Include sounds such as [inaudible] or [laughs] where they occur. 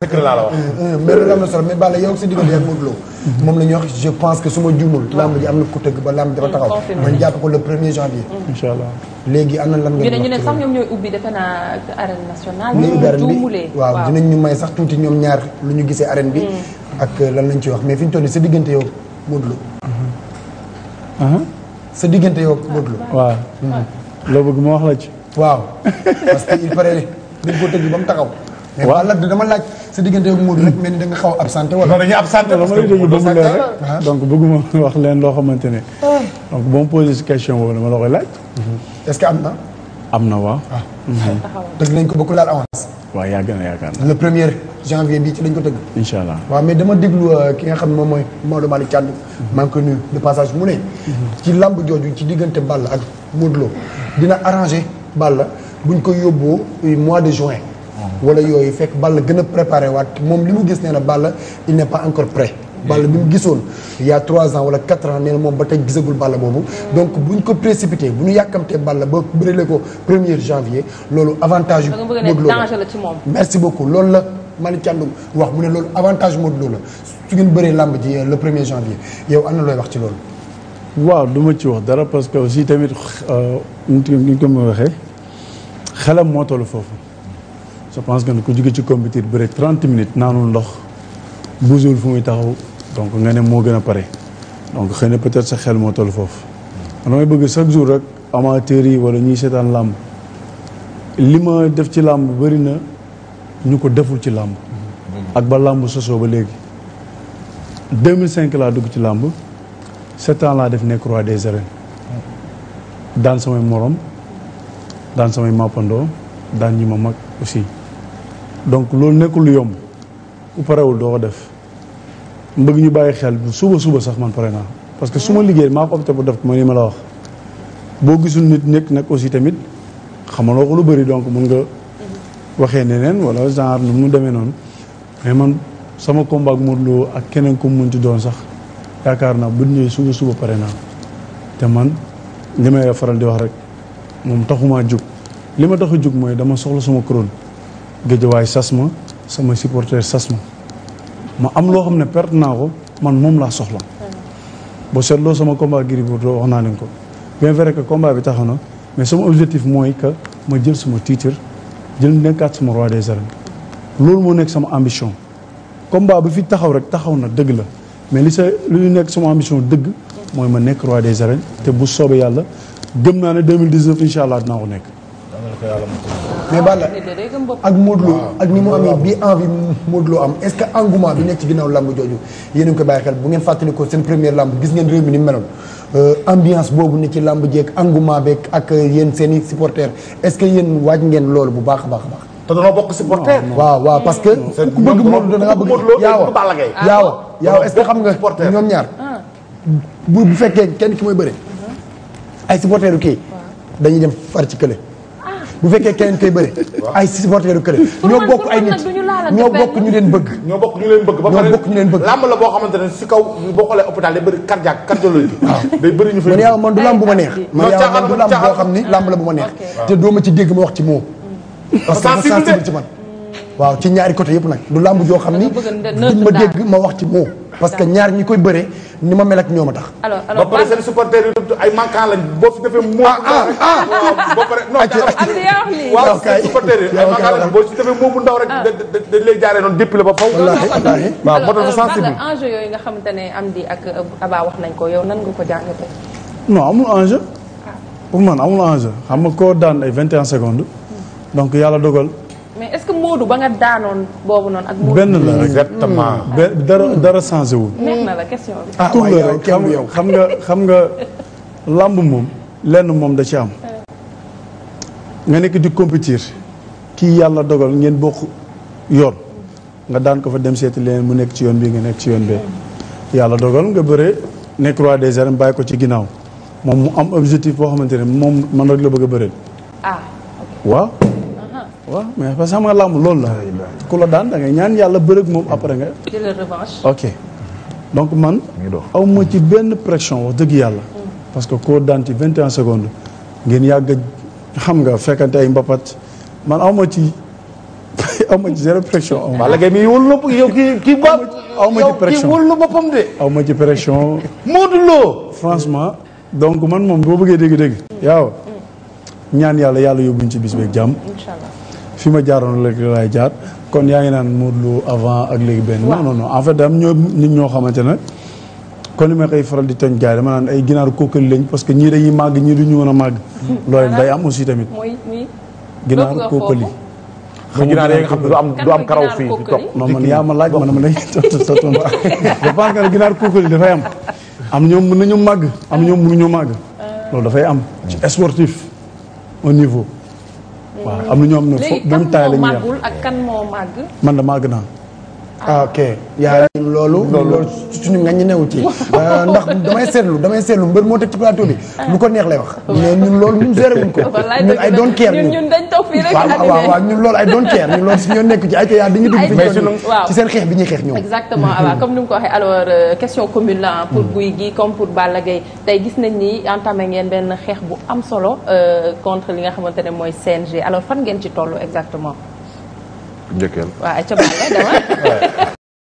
secret laa la wax. Euh, euh, euh, mbir yow si diggante ak Modou Lo. je pense que su ma juumul. lamb ji am na ku tëgg ba lamb dafa taxaw. man jàpp ko le premier janvier. Mm. incha allah léegi am na lan nga. ñu ne ñu ne sax ñoom waaw dinañ ñu may sax tuuti ñoom ñaar lu ñu gisee arène bi. Mm. ak lan lañ ci wax mais fi ñu ton sa diggante yow Modou Lo. Mm-hmm. Uh-huh. sa diggante yow Modou Lo. waaw mm-hmm. loo bëgg ma wax la ci. waaw parce que il paraît dañ ko tëgg ba mu taxaw. mais Balla dama laaj sa diggante ak Modou rek mel ni da nga xaw a absenté wala. non dañuy absenté parce que Modou bëgg leer rek ah. donc bëgguma [laughs] wax leen loo xamante ne. Ah. donc boo ma posé si question boobu dama la koy laaj. Mm-hmm. est-ce que am na. am na waaw. dëgg ah. mm-hmm. nañ ko ba ku laal avance. waaw yaa gën a yaakaar naa. le premier janvier bii ci lañ ko tëgg. incha allah waaw mais dama déglu euh, ki nga xam ne moom mooy Maodo Malick Thiandou. Mm-hmm. maa ngi ko nuyu de passage mu ne. ci làmb jooju ci diggante Balla ak Modou Lo dina arrangé Balla buñ ko yóbboo euh, mois de juin. wala yooyu fekk Balla gën a préparé waat moom li mu gis nee na Balla il n'est pas encore prêt Balla bi mu gisoon il y trois ans wala quatre ans nee na moom ba tey gisagul Balla boobu donc bu ñu ko précipité bu ñu yàkkamtee Balla ba bërile ko premier janvier loolu avantage yu Modou Lo la merci beaucoup loolu la Malick Thiandoum wax mu ne loolu avantage Modou Lo la su ngeen bëree làmb ji euh, le premier janvier yow am na looy wax ci loolu waaw du ma ci wax dara parce que aussi tamit euh, ñu ko ma waxee xelam moo toll foofu je pense que ku jóge ci compétir bëre 30 minutes naanul ndox busul fu muy taxaw donc nga ne moo gën a pare donc xëy na peut-être sa xel moo toll foofu. man damay bëgg chaque jour rek amateurs yi wala ñuy seetaan làmb li ma def ci làmb bëri na ñu ko deful ci làmb. ak ba làmb sosoo ba léegi. 2005 laa dugg ci làmb sept ans laa def nekk roi des arènes daan samay morom daan samay mappandoo daan ñi ma mag aussi. donc loolu nekkul yomb ku parewul doo ko def mbëgg ñu bàyyi xel suba suba sax man pare naa parce que su ma liggéey maa ko bu def mooy ni ma la wax boo gisul nit nekk nag aussi tamit xamaloo ko lu bëri donc mun nga waxee neneen wala genre nu mu demee noonu mais man sama combat ak Modou Lo ak keneen kum mun ci doon sax yaakaar naa bu ñëwee suba suba pare naa te man li may faral di wax rek moom taxumaa jug li ma tax jug mooy dama soxla suma couronne géejawaay sas ma sama supporter sas ma ma am loo xam ne perte naa ko man moom laa soxla hmm. boo loo sama combat Gris Bordeaux wax naa leen ko bien vrai que combat bi taxaw na mais sama objectif mooy que ma jël sama titre jël nekkaat sama roi des arènes loolu moo nekk sama ambition combat bi fi taxaw rek taxaw na dëgg la mais li sa li nekk sama ambition dëgg mooy ma nekk roi des arènes te bu soobee yàlla gëm naa ne deux 2019 incha allah dinaa ko nekk. mais Balla ah, ak Modou ak ni mu amee bi envie Modou Lo am est-ce que engouement bi nekk ci ginnaaw lamb jooju yéen a ngi koy bàyyi xel bu ngeen fàttali ko seen première lamb gis ngeen réew mi ni meloon euh, ambiance boobu ne ci lamb jeeg engouement beeg ak yéen seen i supporters est-ce que yéen waaj ngeen loolu bu baax a baax a baax. te danoo bokk supporter. waaw waaw parce que. ku bëgg Modou Lo bëgg yaawa ah. yaawa est-ce que xam nga ñoom ñaar. Ah. bu bu fekkee kenn ki mooy bëre. ay supporters yu kii dañuy dem far ci kële bu fekkee keneen koy bëre ay supporteru kële ñoo bokk ay nit ñoo bokk ñu leen bëgg ñoo bokk ñu leen bëgg ba pare ñoo bokk ñu leen bëgg làmb la boo xamante ne si kaw boo xoolee hôpital day bëri cardiaque cardiologie waaw day làmb bu boo xam ni làmb la bu ma neex te doo mm. ci man waaw ci ñaari côté yëpp nag du làmb joo xam ni dégg ma wax ci moom parce que ñaar ñi koy bëre ni ma mel ak ñoom a tax. alors alors ba ay manquant lañ boo fi defee moomu. ah ah, ah. [laughs] ba pare non. waaw seen supporters yi ay manquant ah. la ba faw. wallaahi wallaahi waaw moo tax fa xamante ne Amdy ak Aba wax nañ ko yow nan nga ko jàngatee. non amul enjeu. Ah. pour man amul enjeu xam nga koo daan ay 21 secondes. Hmm. donc yàlla dogal. mais est-ce que Modou ba nga daanoon boobu noonu benn la exactement. Hmm. dara dara changé wul. nekk na la question ah, ah, rek xam nga xam nga làmb moom lenn moom da ci am. nga nekk di compétir kii yàlla dogal ngeen bokk yoon nga daan ko fa dem seeti leen mu nekk ci yoon bii nga nekk ci yoon bee yàlla dogal nga bëre nekk roi des arènes bàyyi ko ci ginnaaw moom mu am objectif boo xamante ne moom man rek la bëgg a bëre. ah waaw mais parce que xam nga làmb loolu la. ku la daan da ñaan yàlla bërëg moom après nga. jëlal ok donc man. aw ma ci benn pression wax dëgg yàlla. Mm. parce que koo daan ci vingt et un secondes ngeen yàgg xam nga fekkante ay mbapat man aw ma ci. [laughs] aw ma ci zéro pression. Balla Gaye kii kii ba. aw ma ci pression yow kii wul na ma ci pression. [laughs] Lo. franchement donc man moom boo bëggee dégg-dégg. yaaw mm. ñaan yàlla yàlla yóbbuñ ci bis beeg jàmm. fi ma jaaroon léegi laay jaar kon yaa ngi naan Modou Lo avant ak léegi benn. non non en fait am ñoo nit ñoo xamante ne. kon li ma koy faral di tooñ jaar yi dama naan ay ginaar kookali lañ parce que ñii dañuy màgg ñii du ñu mën màgg. loolu day am aussi tamit. muy muy ginaar kookali. xam nga ginaar yi xam ne du am du am karaw fii di toog. non man ma laaj man dama lay [laughs] tontu sa tontu je pense que ginaar kookali dafay am. am ñoom mën nañu màgg am ñoom mënuñu màgg. loolu dafay am ci sportif au niveau. waaw eh, am na ñoo xam ne fo. même taay kan moo màggul ak kan man la màgg naa. Ah, ok yaa loolu. loolu suñu nga ñu newu ci. Euh, ndax damay seetlu damay seetlu mbër moo teg ci plateau bi. Ah. lu ko neex lay wax. mais ñun loolu ñun géré wuñ ko. ñun loolu ay doon keer ñun loolu suñu yoon nekk seen xeex bi ñuy xeex ñoom. exactement ah, waaw comme ni mu ko waxee alors euh, question commune la pour hmm. Gouye Gui comme pour Balla Gaye tey gis nañ ni entamé ngeen benn xeex bu am solo euh, contre li nga xamante ne mooy CNG alors fan ngeen ci tollu exactement njëkkeel waaw ay ca bàlle dama [laughs]